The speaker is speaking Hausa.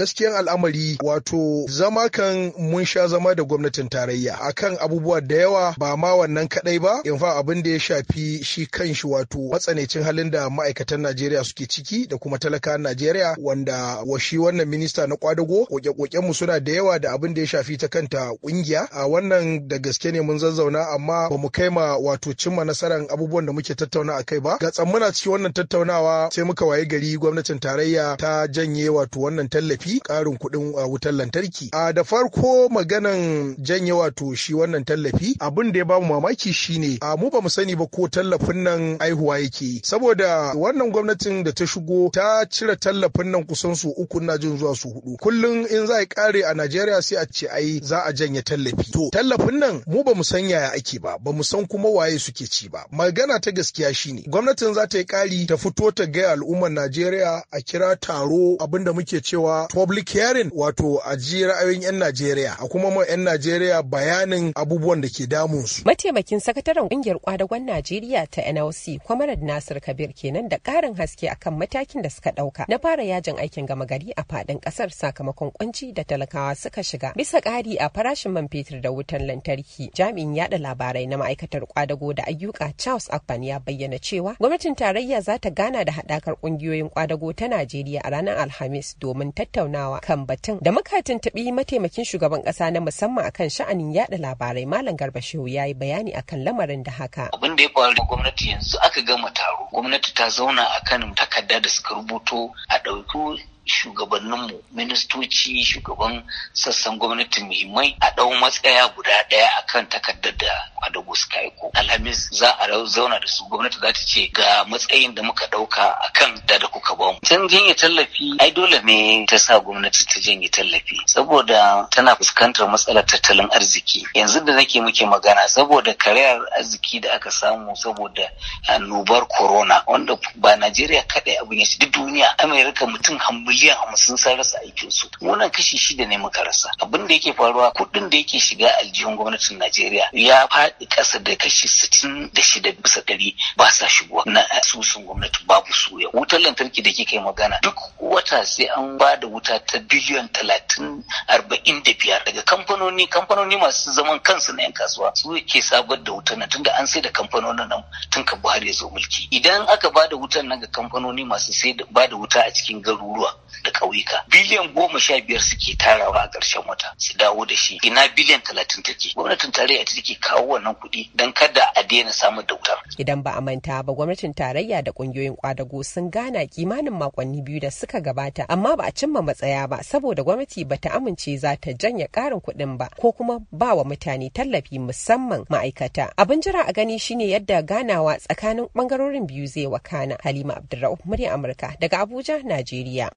gaskiyan al'amari wato zama kan mun sha zama da gwamnatin tarayya akan abubuwa da yawa ba ma wannan kadai ba in fa abin da ya shafi shi kanshi wato matsanancin halin da ma'aikatan Najeriya suke ciki da kuma talaka Najeriya wanda washi wannan minista na kwadago koke-koken mu suna da yawa da abin da ya shafi ta kanta kungiya a wannan da gaske ne mun zazzauna amma ba mu kai ma wato cimma nasarar abubuwan da muke tattauna a kai ba ga tsammana cikin wannan tattaunawa sai muka waye gari gwamnatin tarayya ta janye wato wannan tallafi shafi ƙarin kuɗin uh, wutar lantarki. A da farko maganan janye wato shi wannan tallafi abin da ya bamu mamaki shine a mu bamu sani ba ko tallafin nan aihuwa yake saboda wannan gwamnatin da ta shigo ta cire tallafin nan kusan su uku na jin zuwa su hudu. Kullum in za a kare a Najeriya sai a ce ai za a janye tallafi. To tallafin nan mu bamu san yaya ake ba bamu san kuma waye suke ci ba. Magana ta gaskiya shine gwamnatin za ta yi kari ta fito ta gaya al'ummar Najeriya a kira taro abinda muke cewa public hearing wato a ji ra'ayoyin 'yan Najeriya a kuma ma 'yan Najeriya bayanin abubuwan da ke damun su. Mataimakin sakataren kungiyar kwadagon Najeriya ta NLC Kwamarad Nasir Kabir kenan da ƙarin haske akan matakin da suka ɗauka na fara yajin aikin gama gari a faɗin ƙasar sakamakon kunci da talakawa suka shiga bisa ƙari a farashin man fetur da wutan lantarki jami'in yada labarai na ma'aikatar kwadago da ayyuka Charles Akpan ya bayyana cewa gwamnatin tarayya za ta gana da haɗakar ƙungiyoyin kwadago ta Najeriya a ranar Alhamis domin tattauna tattaunawa kan batun da makatin taɓi mataimakin shugaban ƙasa na musamman akan sha'anin yada labarai Malam Garba Shehu ya yi bayani akan lamarin da haka. Abin da ya faru da gwamnati yanzu aka gama taro. Gwamnati ta zauna akan takarda da suka rubuto a ɗauki shugabanninmu ministoci shugaban sassan gwamnati muhimmai a ɗau matsaya guda ɗaya a kan takardar da adabu suka aiko. Alhamis za a zauna da su gwamnati za ta ce ga matsayin da muka ɗauka a kan da da kuka ba mu. can janye tallafi ai dole ne ta sa gwamnati ta janye tallafi saboda tana fuskantar matsalar tattalin arziki. Yanzu da nake muke magana saboda karayar arziki da aka samu saboda annobar corona wanda ba Najeriya kaɗai abin shi? duk duniya Amerika mutum hamsin miliyan hamsin sun rasa su. wannan kashi shida ne muka rasa abin da yake faruwa kuɗin da yake shiga aljihun gwamnatin najeriya ya faɗi ƙasa da kashi sittin da shida bisa ɗari ba sa shigowa na asusun gwamnati babu suya wutar lantarki da yi magana duk wata sai an ba da wuta ta biliyan talatin arba'in da biyar daga kamfanoni kamfanoni masu zaman kansu na 'yan kasuwa su ke sabar da wutar na tunda an sai da kamfanonin nan tun ka buhari ya zo mulki idan aka ba da wutar nan ga kamfanoni masu sai ba da wuta a cikin garuruwa da ƙauyuka biliyan goma sha biyar suke tarawa a ƙarshen wata su dawo da shi ina biliyan talatin take gwamnatin tarayya ita take kawo wannan kuɗi don kada a daina samun da wutar. idan ba a manta ba gwamnatin tarayya da ƙungiyoyin kwadago sun gana kimanin makonni biyu da suka gabata amma ba a cimma matsaya ba saboda gwamnati ba ta amince za ta janya ƙarin kuɗin ba ko kuma ba wa mutane tallafi musamman ma'aikata abin jira a gani shine yadda ganawa tsakanin ɓangarorin biyu zai wakana halima Abdurra'u, murya amurka daga abuja najeriya